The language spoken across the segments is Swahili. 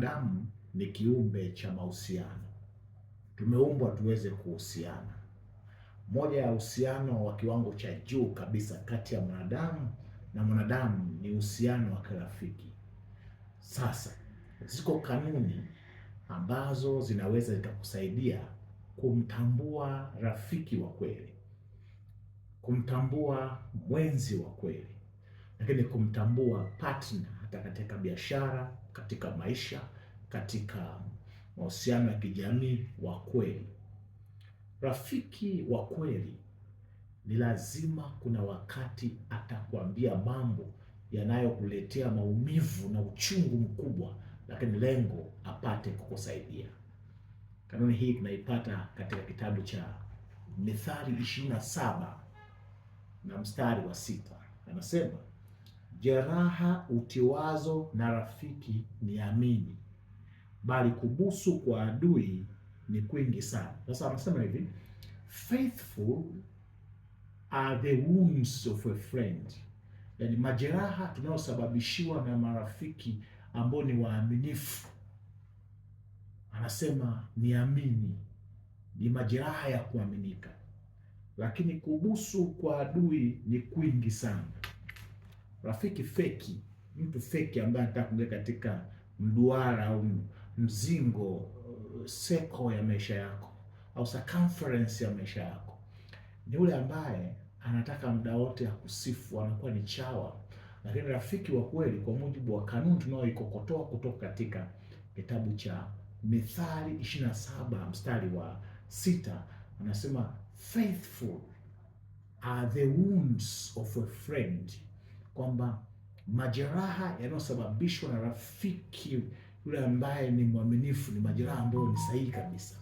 mwanadamu ni kiumbe cha mahusiano, tumeumbwa tuweze kuhusiana. Moja ya uhusiano wa kiwango cha juu kabisa kati ya mwanadamu na mwanadamu ni uhusiano wa kirafiki. Sasa ziko kanuni ambazo zinaweza zikakusaidia kumtambua rafiki wa kweli, kumtambua mwenzi wa kweli, lakini kumtambua partner katika biashara, katika maisha, katika mahusiano ya kijamii wa kweli. Rafiki wa kweli ni lazima kuna wakati atakwambia mambo yanayokuletea maumivu na uchungu mkubwa, lakini lengo apate kukusaidia. Kanuni hii tunaipata katika kitabu cha Mithali 27 na mstari wa sita anasema jeraha utiwazo na rafiki ni amini, bali kubusu kwa adui ni kwingi sana. Sasa anasema hivi, faithful are the wounds of a friend, yaani majeraha tunayosababishiwa na marafiki ambao ni waaminifu. Anasema ni amini ni majeraha ya kuaminika, lakini kubusu kwa adui ni kwingi sana rafiki feki, mtu feki ambaye anataka kuingia katika mduara au mzingo uh, seko ya maisha yako au circumference ya maisha yako ni yule ambaye anataka muda wote akusifu, anakuwa ni chawa. Lakini rafiki wa kweli, kwa mujibu wa kanuni tunayoikokotoa kutoka katika kitabu cha Mithali 27 mstari wa sita, anasema faithful are the wounds of a friend kwamba majeraha yanayosababishwa na rafiki yule ambaye ni mwaminifu ni majeraha ambayo ni sahihi kabisa.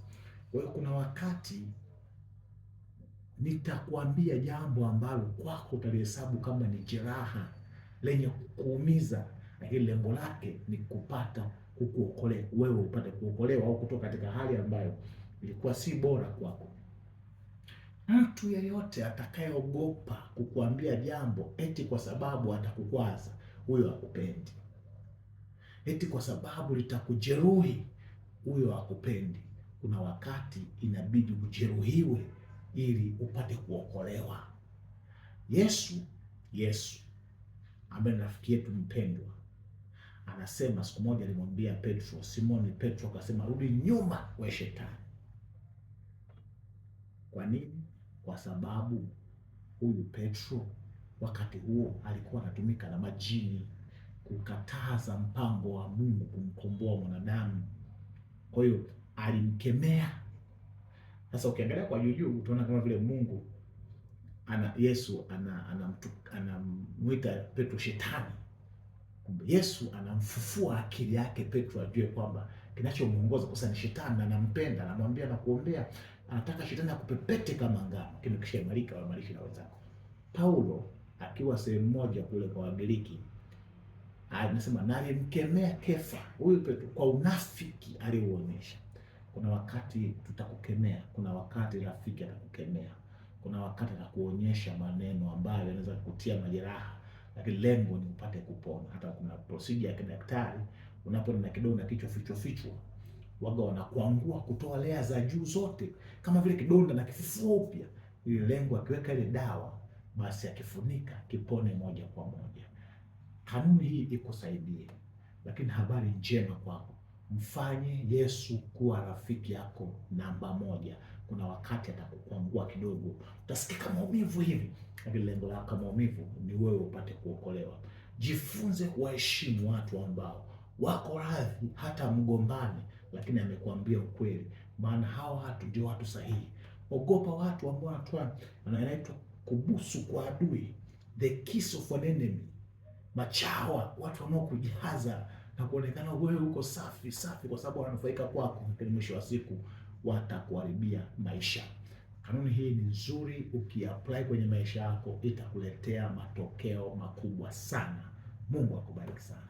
Kwa hiyo kuna wakati nitakuambia jambo ambalo kwako utalihesabu kama ni jeraha lenye kuumiza, lakini lengo lake ni kupata kukuokolea wewe, upate kuokolewa au kutoka katika hali ambayo ilikuwa si bora kwako. Mtu yeyote atakayeogopa kukuambia jambo eti kwa sababu atakukwaza, huyo hakupendi. Eti kwa sababu litakujeruhi, huyo hakupendi. Kuna wakati inabidi ujeruhiwe ili upate kuokolewa. Yesu Yesu ambaye rafiki yetu mpendwa, anasema siku moja alimwambia Petro, Simoni Petro akasema, rudi nyuma we Shetani. Kwa nini? kwa sababu huyu Petro wakati huo alikuwa anatumika na majini kukataza mpango wa Mungu kumkomboa mwanadamu. Kwa hiyo alimkemea. Sasa ukiangalia kwa juu juu utaona kama vile Mungu ana Yesu anamwita ana, ana Petro shetani. Kumbe Yesu anamfufua akili yake Petro ajue kwamba kinachomuongoza kosa ni shetani, anampenda, anamwambia na kuombea, anataka shetani akupepete kama ngano. Lakini wa wamarishi na wenzako. Paulo akiwa sehemu moja kule kwa Wagiriki anasema nalimkemea Kefa, huyu Petro, kwa unafiki aliuonyesha. Kuna wakati tutakukemea, kuna wakati rafiki atakukemea, kuna wakati atakuonyesha maneno ambayo yanaweza kukutia majeraha, lakini lengo ni upate kupona. Hata kuna procedure ya kidaktari unaponena kidogo na kichwa fichwa fichwa, waga wanakuangua kutoa lea za juu zote, kama vile kidonda na kifufua upya, ili lengo akiweka ile dawa basi akifunika kipone moja kwa moja. Kanuni hii ikusaidie, lakini habari njema kwako, mfanye Yesu kuwa rafiki yako namba moja. Kuna wakati atakukwangua kidogo, utasikia maumivu hivi, lakini lengo lako maumivu ni wewe upate kuokolewa. Jifunze kuwaheshimu watu ambao wako radhi hata mgombane, lakini amekuambia ukweli, maana hao watu ndio watu sahihi. Ogopa watu ambao wanatoa anaitwa kubusu kwa adui, the kiss of an enemy, machawa, watu wanaokujaza na kuonekana wewe uko safi safi, kwa sababu wanafaika kwako, lakini mwisho wa siku watakuharibia maisha. Kanuni hii ni nzuri, ukiapply kwenye maisha yako itakuletea matokeo makubwa sana. Mungu akubariki sana.